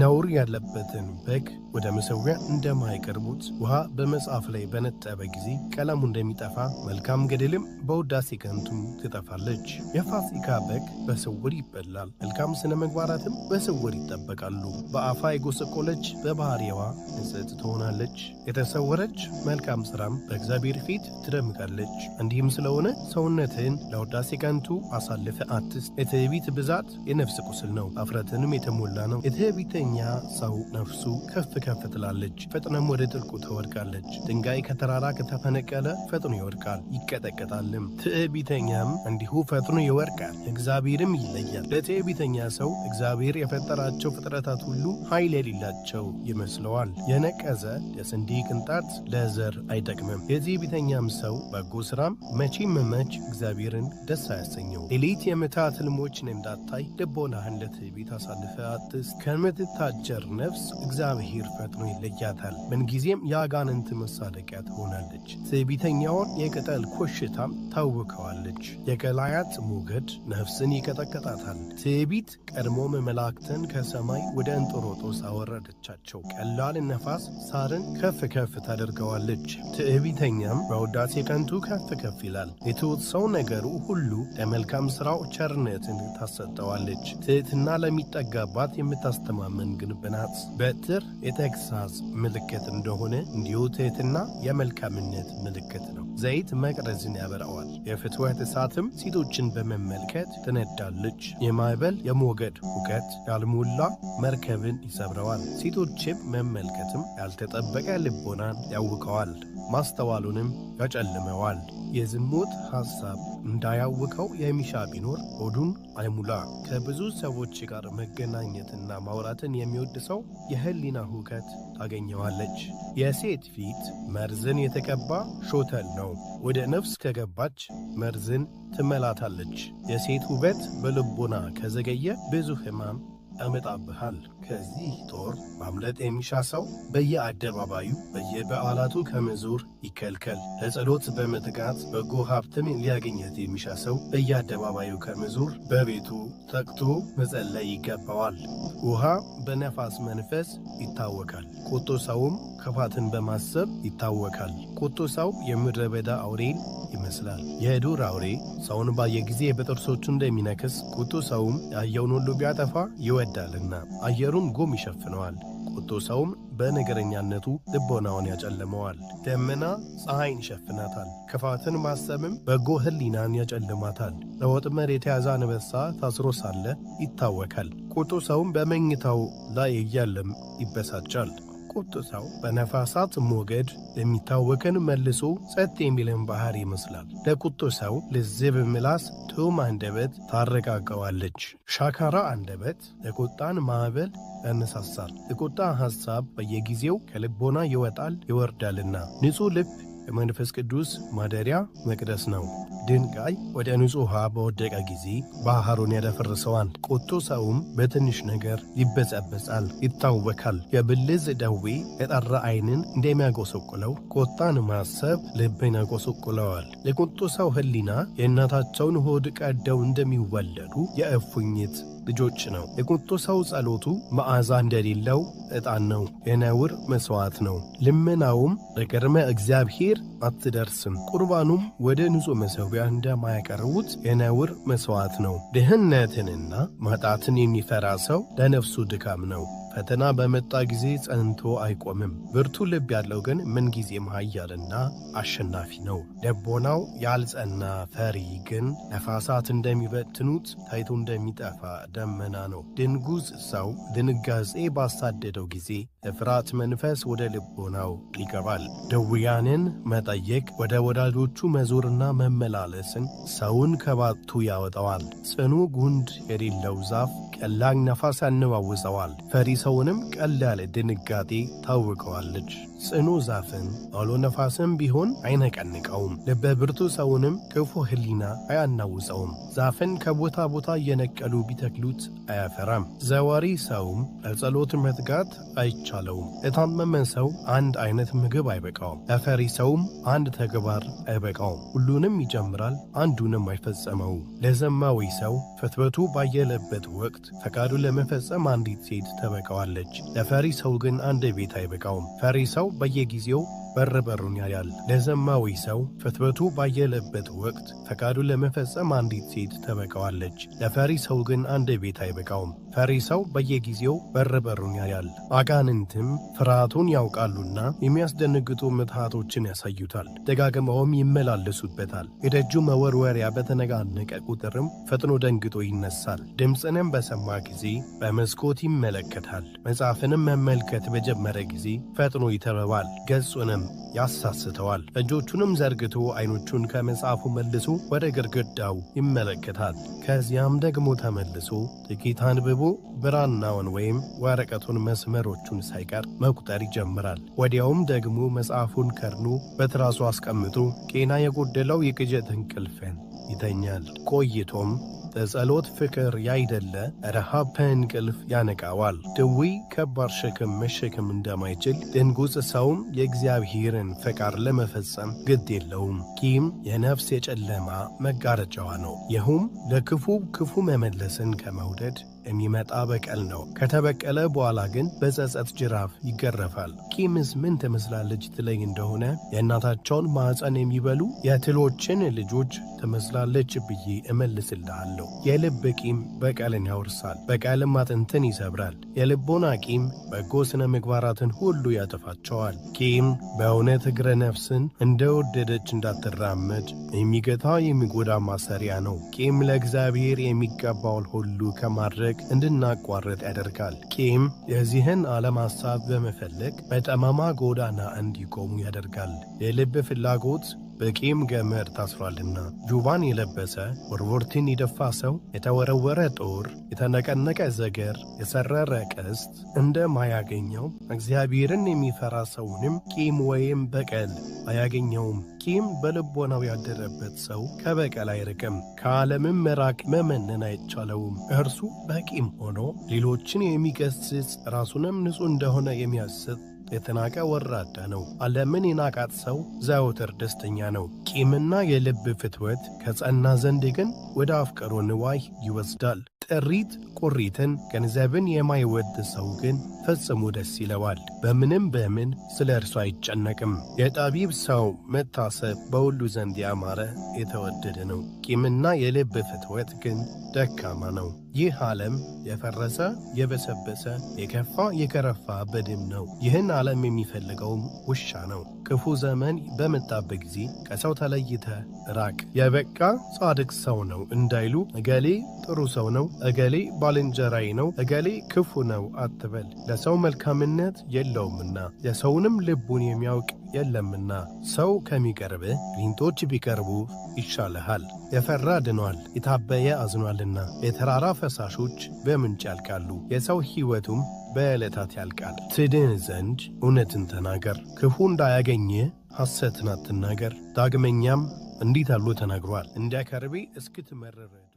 ነውር ያለበትን በግ ወደ መሠዊያ እንደማይቀርቡት ውሃ በመጽሐፍ ላይ በነጠበ ጊዜ ቀለሙ እንደሚጠፋ መልካም ገድልም በውዳሴ ከንቱ ትጠፋለች። የፋሲካ በግ በስውር ይበላል፣ መልካም ስነ ምግባራትም በስውር ይጠበቃሉ። በአፏ የጎሰቆለች በባህሪዋ ንጽሕት ትሆናለች፣ የተሰወረች መልካም ሥራም በእግዚአብሔር ፊት ትደምቃለች። እንዲህም ስለሆነ ሰውነትህን ለውዳሴ ከንቱ አሳልፈ አትስ። የትዕቢት ብዛት የነፍስ ቁስል ነው፣ አፍረትንም የተሞላ ነው። የትዕቢት ሁለተኛ ሰው ነፍሱ ከፍ ከፍ ትላለች፣ ፈጥነም ወደ ጥልቁ ትወድቃለች። ድንጋይ ከተራራ ከተፈነቀለ ፈጥኖ ይወድቃል ይቀጠቀጣልም። ትዕቢተኛም እንዲሁ ፈጥኖ ይወድቃል፣ እግዚአብሔርም ይለያል። ለትዕቢተኛ ሰው እግዚአብሔር የፈጠራቸው ፍጥረታት ሁሉ ኃይል የሌላቸው ይመስለዋል። የነቀዘ የስንዴ ቅንጣት ለዘር አይጠቅምም። የትዕቢተኛም ሰው በጎ ስራም መቼም መች እግዚአብሔርን ደስ አያሰኘው። ሌሊት የምትተኛ ሕልሞችን እንዳታይ ልቦናህን ለትዕቢት አሳልፈ አትስ ከምት የምትታጀር ነፍስ እግዚአብሔር ፈጥኖ ይለያታል፣ ምንጊዜም የአጋንንት መሳለቂያ ትሆናለች። ትዕቢተኛውን የቅጠል ኮሽታም ታውከዋለች፣ የገላያት ሞገድ ነፍስን ይቀጠቀጣታል። ትዕቢት ቀድሞም መላእክትን ከሰማይ ወደ እንጦሮጦስ አወረደቻቸው፣ ቀላል ነፋስ ሳርን ከፍ ከፍ ታደርገዋለች። ትዕቢተኛም በውዳሴ ቀንቱ ከፍ ከፍ ይላል። የትሑት ሰው ነገሩ ሁሉ ለመልካም ሥራው ቸርነትን ታሰጠዋለች። ትሕትና ለሚጠጋባት የምታስተማ ግን በናጽ በትር የተግሳጽ ምልክት እንደሆነ እንዲሁ የመልካምነት ምልክት ነው። ዘይት መቅረዝን ያበራዋል። የፍትወት እሳትም ሴቶችን በመመልከት ትነዳለች። የማዕበል የሞገድ ሁከት ያልሞላ መርከብን ይሰብረዋል። ሴቶችም መመልከትም ያልተጠበቀ ልቦናን ያውቀዋል፣ ማስተዋሉንም ያጨልመዋል። የዝሙት ሐሳብ እንዳያውቀው የሚሻ ቢኖር ሆዱን አይሙላ። ከብዙ ሰዎች ጋር መገናኘትና ማውራትን የሚወድ ሰው የህሊና ሁከት ታገኘዋለች። የሴት ፊት መርዝን የተቀባ ሾተል ነው። ወደ ነፍስ ከገባች መርዝን ትመላታለች። የሴት ውበት በልቦና ከዘገየ ብዙ ህማም። አመጣብሃል። ከዚህ ጦር ማምለጥ የሚሻ ሰው በየአደባባዩ በየበዓላቱ ከመዞር ይከልከል። ለጸሎት በመትጋት በጎ ሀብትን ሊያገኘት የሚሻ ሰው በየአደባባዩ ከመዞር በቤቱ ተግቶ መጸለይ ይገባዋል። ውሃ በነፋስ መንፈስ ይታወቃል። ቁጡ ሰውም ክፋትን በማሰብ ይታወቃል። ቁጡ ሰው የምድረ በዳ አውሬን ይመስላል። የዱር አውሬ ሰውን ባየ ጊዜ በጥርሶቹ እንደሚነክስ ቁጡ ሰውም ያየውን ሁሉ ቢያጠፋ ይወዳልና አየሩን ጎም ይሸፍነዋል። ቁጡ ሰውም በነገረኛነቱ ልቦናውን ያጨልመዋል። ደመና ፀሐይን ይሸፍናታል፣ ክፋትን ማሰብም በጎ ሕሊናን ያጨልማታል። ለወጥመድ የተያዘ አንበሳ ታስሮ ሳለ ይታወካል። ቁጡ ሰውም በመኝታው ላይ እያለም ይበሳጫል። ሰው በነፋሳት ሞገድ የሚታወቀን መልሶ ጸጥ የሚለን ባህር ይመስላል። ለቁጡ ሰው ልዝብ ምላስ ትሑም አንደበት ታረጋጋዋለች። ሻካራ አንደበት ለቁጣን ማዕበል ያነሳሳል። የቁጣ ሐሳብ በየጊዜው ከልቦና ይወጣል ይወርዳልና ንጹሕ ልብ የመንፈስ ቅዱስ ማደሪያ መቅደስ ነው። ድንጋይ ወደ ንጹሕ ውሃ በወደቀ ጊዜ ባህሩን ያደፈርሰዋል። ቁጡ ሰውም በትንሽ ነገር ይበጸበጻል፣ ይታወካል። የብልዝ ደዌ የጠራ ዐይንን እንደሚያጎሰቁለው ቁጣን ማሰብ ልብን ያጎሰቁለዋል። የቁጡ ሰው ሕሊና የእናታቸውን ሆድ ቀደው እንደሚወለዱ የእፉኝት ልጆች ነው። የቁጡ ሰው ጸሎቱ መዓዛ እንደሌለው ዕጣን ነው፣ የነውር መሥዋዕት ነው። ልመናውም በቅድመ እግዚአብሔር አትደርስም። ቁርባኑም ወደ ንጹሕ መሠዊያ እንደማያቀርቡት የነውር መሥዋዕት ነው። ድህነትንና ማጣትን የሚፈራ ሰው ለነፍሱ ድካም ነው። ፈተና በመጣ ጊዜ ጸንቶ አይቆምም። ብርቱ ልብ ያለው ግን ምንጊዜም ኃያልና አሸናፊ ነው። ደቦናው ያልጸና ፈሪ ግን ነፋሳት እንደሚበትኑት ታይቶ እንደሚጠፋ ደመና ነው። ድንጉዝ ሰው ድንጋጼ ባሳደደው ጊዜ የፍርሃት መንፈስ ወደ ልቦናው ይገባል። ድውያንን መጠየቅ፣ ወደ ወዳጆቹ መዞርና መመላለስን ሰውን ከባቱ ያወጣዋል። ጽኑ ጉንድ የሌለው ዛፍ ቀላል ነፋስ ያነዋውጸዋል። ፈሪ ሰውንም ቀላል ድንጋጤ ታውቀዋለች። ጽኑ ዛፍን አውሎ ነፋስም ቢሆን አይነቀንቀውም። ልበ ብርቱ ሰውንም ክፉ ሕሊና አያናውፀውም። ዛፍን ከቦታ ቦታ እየነቀሉ ቢተክሉት አያፈራም። ዘዋሪ ሰውም ለጸሎት መትጋት አይቻለውም። ለታመመን ሰው አንድ አይነት ምግብ አይበቃውም። ለፈሪ ሰውም አንድ ተግባር አይበቃውም። ሁሉንም ይጀምራል፣ አንዱንም አይፈጸመው። ለዘማዊ ሰው ፍትበቱ ባየለበት ወቅት ፈቃዱን ለመፈጸም አንዲት ሴት ተበቃዋለች። ለፈሪ ሰው ግን አንድ ቤት አይበቃውም። ፈሪ ሰው በየጊዜው በር በሩን ያያል። ለዘማዊ ሰው ፍትበቱ ባየለበት ወቅት ፈቃዱን ለመፈጸም አንዲት ሴት ተበቃዋለች። ለፈሪ ሰው ግን አንድ ቤት አይበቃውም። ፈሪ ሰው በየጊዜው በር በሩን ያያል፣ አጋንንትም ፍርሃቱን ያውቃሉና የሚያስደነግጡ ምትሃቶችን ያሳዩታል፣ ደጋግመውም ይመላለሱበታል። የደጁ መወርወሪያ በተነጋነቀ ቁጥርም ፈጥኖ ደንግጦ ይነሳል። ድምፅንም በሰማ ጊዜ በመስኮት ይመለከታል። መጽሐፍንም መመልከት በጀመረ ጊዜ ፈጥኖ ይተበባል፣ ገጹንም ያሳስተዋል። እጆቹንም ዘርግቶ አይኖቹን ከመጽሐፉ መልሶ ወደ ግድግዳው ይመለከታል። ከዚያም ደግሞ ተመልሶ ጥቂት አንብቦ ሲቀርቡ ብራናውን ወይም ወረቀቱን መስመሮቹን ሳይቀር መቁጠር ይጀምራል። ወዲያውም ደግሞ መጽሐፉን ከርኑ በትራሱ አስቀምጦ ጤና የጎደለው የቅዠት እንቅልፍን ይተኛል። ቆይቶም በጸሎት ፍቅር ያይደለ ረሃብ ከእንቅልፍ ያነቃዋል። ድዊ ከባድ ሸክም መሸክም እንደማይችል ድንጉጽ ሰውም የእግዚአብሔርን ፈቃድ ለመፈጸም ግድ የለውም። ኪም የነፍስ የጨለማ መጋረጃዋ ነው። ይህም ለክፉ ክፉ መመለስን ከመውደድ የሚመጣ በቀል ነው። ከተበቀለ በኋላ ግን በጸጸት ጅራፍ ይገረፋል። ቂምስ ምን ትመስላለች ትለኝ እንደሆነ የእናታቸውን ማዕፀን የሚበሉ የትሎችን ልጆች ትመስላለች ብዬ እመልስልሃለሁ። የልብ ቂም በቀልን ያወርሳል፣ በቀልም አጥንትን ይሰብራል። የልቦና ቂም በጎ ስነ ምግባራትን ሁሉ ያጠፋቸዋል። ቂም በእውነት እግረ ነፍስን እንደወደደች እንዳትራመድ የሚገታ የሚጎዳ ማሰሪያ ነው። ቂም ለእግዚአብሔር የሚገባውን ሁሉ ከማድረግ ማድረግ እንድናቋርጥ ያደርጋል። ቂም የዚህን ዓለም ሐሳብ በመፈለግ በጠማማ ጎዳና እንዲቆሙ ያደርጋል። የልብ ፍላጎት በቂም ገመድ ታስሯልና። ጁባን የለበሰ ወርወርቲን የደፋ ሰው፣ የተወረወረ ጦር፣ የተነቀነቀ ዘገር፣ የሰረረ ቀስት እንደማያገኘው እግዚአብሔርን የሚፈራ ሰውንም ቂም ወይም በቀል አያገኘውም። ቂም በልቦናው ያደረበት ሰው ከበቀል አይርቅም፣ ከዓለምም መራቅ መመነን አይቻለውም። እርሱ በቂም ሆኖ ሌሎችን የሚገስጽ ራሱንም ንጹሕ እንደሆነ የሚያስብ የተናቀ ወራዳ ነው። ዓለምን የናቃት ሰው ዘወትር ደስተኛ ነው። ቂምና የልብ ፍትወት ከጸና ዘንድ ግን ወደ አፍቀሮ ንዋይ ይወስዳል። ጥሪት ቁሪትን፣ ገንዘብን የማይወድ ሰው ግን ፈጽሞ ደስ ይለዋል፣ በምንም በምን ስለ እርሱ አይጨነቅም። የጠቢብ ሰው መታሰብ በሁሉ ዘንድ ያማረ የተወደደ ነው። ቂምና የልብ ፍትወት ግን ደካማ ነው። ይህ ዓለም የፈረሰ የበሰበሰ የከፋ የከረፋ በድም ነው። ይህን ዓለም የሚፈልገውም ውሻ ነው። ክፉ ዘመን በመጣበት ጊዜ ከሰው ተለይተ ራቅ። የበቃ ጻድቅ ሰው ነው እንዳይሉ እገሌ ጥሩ ሰው ነው፣ እገሌ ባልንጀራይ ነው፣ እገሌ ክፉ ነው አትበል። ለሰው መልካምነት የለውምና የሰውንም ልቡን የሚያውቅ የለምና። ሰው ከሚቀርብ ጊንጦች ቢቀርቡ ይሻልሃል። የፈራ ድኗል፣ የታበየ አዝኗልና። የተራራ ፈሳሾች በምንጭ ያልቃሉ፣ የሰው ሕይወቱም በዕለታት ያልቃል። ትድን ዘንድ እውነትን ተናገር፣ ክፉ እንዳያገኝህ ሐሰትን አትናገር። ዳግመኛም እንዲህ አሉ ተናግሯል፣ እንደ ከርቤ እስክትመረረ